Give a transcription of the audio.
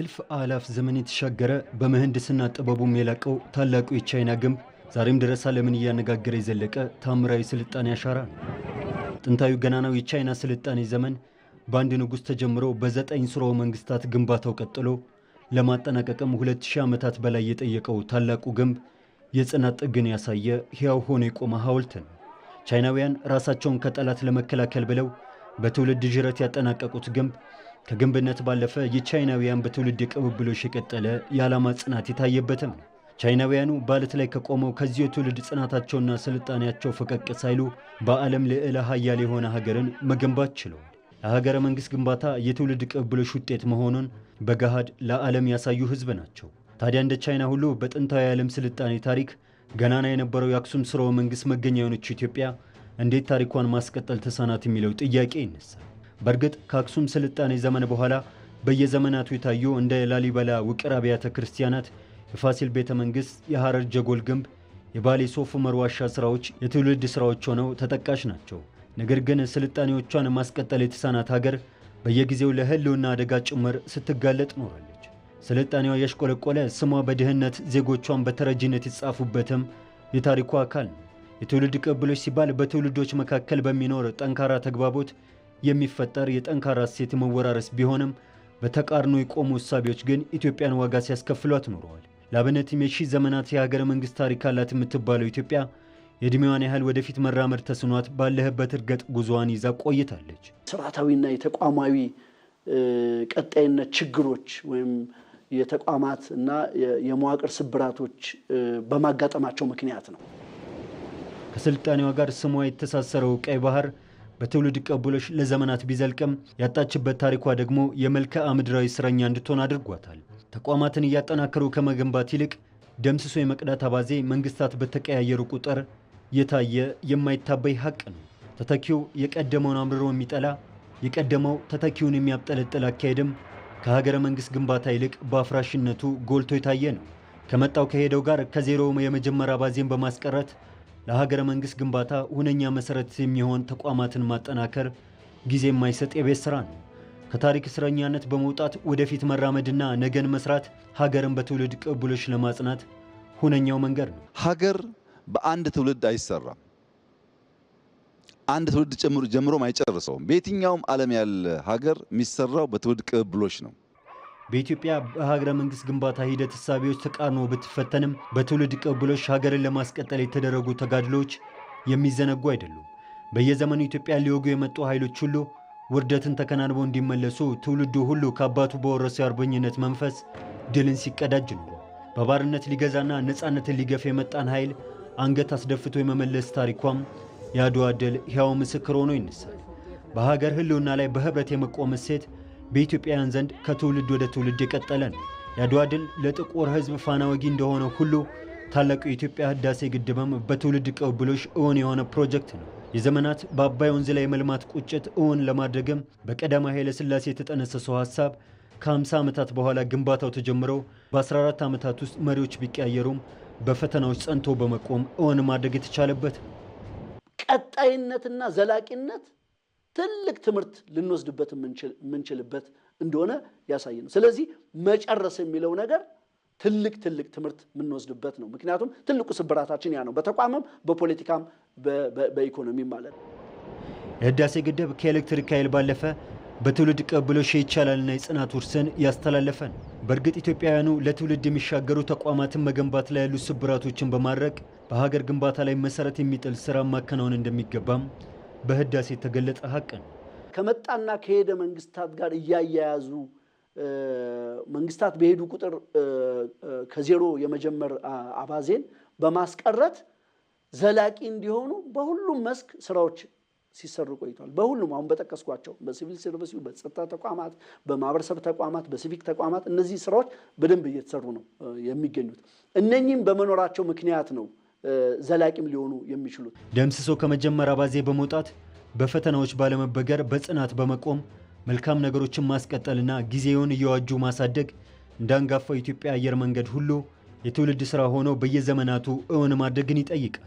እልፍ አላፍ ዘመን የተሻገረ በምህንድስና ጥበቡም የላቀው ታላቁ የቻይና ግንብ ዛሬም ድረስ ዓለምን እያነጋገረ የዘለቀ ታምራዊ ስልጣኔ አሻራ ነው። ጥንታዊ ገናናው የቻይና ስልጣኔ ዘመን በአንድ ንጉሥ ተጀምሮ በዘጠኝ ስርወ መንግስታት ግንባታው ቀጥሎ ለማጠናቀቅም ሁለት ሺህ ዓመታት በላይ የጠየቀው ታላቁ ግንብ የጽናት ጥግን ያሳየ ሕያው ሆኖ የቆመ ሐውልት ነው። ቻይናውያን ራሳቸውን ከጠላት ለመከላከል ብለው በትውልድ ጅረት ያጠናቀቁት ግንብ ከግንብነት ባለፈ የቻይናውያን በትውልድ ቅብብሎሽ የቀጠለ የዓላማ ጽናት የታየበትም ነው። ቻይናውያኑ በዓለት ላይ ከቆመው ከዚህ የትውልድ ጽናታቸውና ስልጣኔያቸው ፈቀቅ ሳይሉ በዓለም ልዕለ ሀያል የሆነ ሀገርን መገንባት ችለዋል። የሀገረ መንግሥት ግንባታ የትውልድ ቅብብሎሽ ውጤት መሆኑን በገሃድ ለዓለም ያሳዩ ሕዝብ ናቸው። ታዲያ እንደ ቻይና ሁሉ በጥንታዊ የዓለም ስልጣኔ ታሪክ ገናና የነበረው የአክሱም ሥርወ መንግሥት መገኛ የሆነች ኢትዮጵያ እንዴት ታሪኳን ማስቀጠል ተሳናት የሚለው ጥያቄ ይነሳል። በእርግጥ ከአክሱም ስልጣኔ ዘመን በኋላ በየዘመናቱ የታዩ እንደ ላሊበላ ውቅር አብያተ ክርስቲያናት፣ የፋሲል ቤተ መንግሥት፣ የሐረር ጀጎል ግንብ፣ የባሌ ሶፍ ዑመር ዋሻ ሥራዎች የትውልድ ሥራዎች ሆነው ተጠቃሽ ናቸው። ነገር ግን ስልጣኔዎቿን ማስቀጠል የተሳናት ሀገር በየጊዜው ለህልውና አደጋ ጭምር ስትጋለጥ ኖራለች። ስልጣኔዋ ያሽቆለቆለ ስሟ በድህነት ዜጎቿን በተረጂነት የተጻፉበትም የታሪኳ አካል ነው። የትውልድ ቅብሎች ሲባል በትውልዶች መካከል በሚኖር ጠንካራ ተግባቦት የሚፈጠር የጠንካራ እሴት መወራረስ ቢሆንም በተቃርኖ የቆሙ እሳቤዎች ግን ኢትዮጵያን ዋጋ ሲያስከፍሏት ኖረዋል። ለአብነትም የሺ ዘመናት የሀገረ መንግሥት ታሪክ አላት የምትባለው ኢትዮጵያ የዕድሜዋን ያህል ወደፊት መራመድ ተስኗት ባለህበት እርገጥ ጉዞዋን ይዛ ቆይታለች። ስርዓታዊና የተቋማዊ ቀጣይነት ችግሮች ወይም የተቋማት እና የመዋቅር ስብራቶች በማጋጠማቸው ምክንያት ነው። ከስልጣኔዋ ጋር ስሟ የተሳሰረው ቀይ ባህር በትውልድ ቀብሎች ለዘመናት ቢዘልቅም ያጣችበት ታሪኳ ደግሞ የመልክዓ ምድራዊ እስረኛ እንድትሆን አድርጓታል። ተቋማትን እያጠናከሩ ከመገንባት ይልቅ ደምስሶ የመቅዳት አባዜ መንግስታት በተቀያየሩ ቁጥር የታየ የማይታበይ ሀቅ ነው። ተተኪው የቀደመውን አምርሮ የሚጠላ የቀደመው ተተኪውን የሚያብጠለጥል አካሄድም ከሀገረ መንግስት ግንባታ ይልቅ በአፍራሽነቱ ጎልቶ የታየ ነው። ከመጣው ከሄደው ጋር ከዜሮ የመጀመሪያ አባዜን በማስቀረት ለሀገረ መንግስት ግንባታ ሁነኛ መሰረት የሚሆን ተቋማትን ማጠናከር ጊዜ የማይሰጥ የቤት ስራ ነው። ከታሪክ እስረኛነት በመውጣት ወደፊት መራመድና ነገን መስራት ሀገርን በትውልድ ቅብብሎች ለማጽናት ሁነኛው መንገድ ነው። ሀገር በአንድ ትውልድ አይሰራም። አንድ ትውልድ ጀምሮም አይጨርሰውም። በየትኛውም ዓለም ያለ ሀገር የሚሰራው በትውልድ ቅብብሎች ነው። በኢትዮጵያ በሀገረ መንግስት ግንባታ ሂደት እሳቤዎች ተቃርኖ ብትፈተንም በትውልድ ቅብብሎች ሀገርን ለማስቀጠል የተደረጉ ተጋድሎዎች የሚዘነጉ አይደሉም። በየዘመኑ ኢትዮጵያ ሊወጉ የመጡ ኃይሎች ሁሉ ውርደትን ተከናንበው እንዲመለሱ ትውልዱ ሁሉ ከአባቱ በወረሰው የአርበኝነት መንፈስ ድልን ሲቀዳጅ ነው። በባርነት ሊገዛና ነፃነትን ሊገፍ የመጣን ኃይል አንገት አስደፍቶ የመመለስ ታሪኳም የአድዋ ድል ሕያው ምስክር ሆኖ ይነሳል። በሀገር ህልውና ላይ በህብረት የመቆም እሴት በኢትዮጵያውያን ዘንድ ከትውልድ ወደ ትውልድ የቀጠለ ነው። የአድዋ ድል ለጥቁር ሕዝብ ፋና ወጊ እንደሆነ ሁሉ ታላቁ የኢትዮጵያ ህዳሴ ግድብም በትውልድ ቅብብሎሽ እውን የሆነ ፕሮጀክት ነው። የዘመናት በአባይ ወንዝ ላይ መልማት ቁጭት እውን ለማድረግም በቀዳማዊ ኃይለ ሥላሴ የተጠነሰሰው ሀሳብ ከ50 ዓመታት በኋላ ግንባታው ተጀምሮ በ14 ዓመታት ውስጥ መሪዎች ቢቀያየሩም በፈተናዎች ጸንቶ በመቆም እውን ማድረግ የተቻለበት ነው። ቀጣይነትና ዘላቂነት ትልቅ ትምህርት ልንወስድበት የምንችልበት እንደሆነ ነው። ስለዚህ መጨረስ የሚለው ነገር ትልቅ ትልቅ ትምህርት የምንወስድበት ነው። ምክንያቱም ትልቁ ስብራታችን ያ ነው፣ በተቋምም በፖለቲካም በኢኮኖሚም ማለት ነው። የህዳሴ ግድብ ከኤሌክትሪክ ኃይል ባለፈ በትውልድ ቀብሎ ይቻላልና የጽናት ውርስን ያስተላለፈን። በእርግጥ ኢትዮጵያውያኑ ለትውልድ የሚሻገሩ ተቋማትን መገንባት ላይ ያሉ ስብራቶችን በማድረግ በሀገር ግንባታ ላይ መሰረት የሚጥል ስራ ማከናወን እንደሚገባም በህዳሴ የተገለጸ ሀቅ ነው። ከመጣና ከሄደ መንግስታት ጋር እያያያዙ መንግስታት በሄዱ ቁጥር ከዜሮ የመጀመር አባዜን በማስቀረት ዘላቂ እንዲሆኑ በሁሉም መስክ ስራዎች ሲሰሩ ቆይቷል። በሁሉም አሁን በጠቀስኳቸው በሲቪል ሰርቪስ፣ በጸጥታ ተቋማት፣ በማህበረሰብ ተቋማት፣ በሲቪክ ተቋማት እነዚህ ስራዎች በደንብ እየተሰሩ ነው የሚገኙት። እነኚህም በመኖራቸው ምክንያት ነው ዘላቂም ሊሆኑ የሚችሉት። ደምስሶ ከመጀመሪያ ባዜ በመውጣት በፈተናዎች ባለመበገር በጽናት በመቆም መልካም ነገሮችን ማስቀጠልና ጊዜውን እየዋጁ ማሳደግ እንደ አንጋፋው የኢትዮጵያ አየር መንገድ ሁሉ የትውልድ ሥራ ሆኖ በየዘመናቱ እውን ማድረግን ይጠይቃል።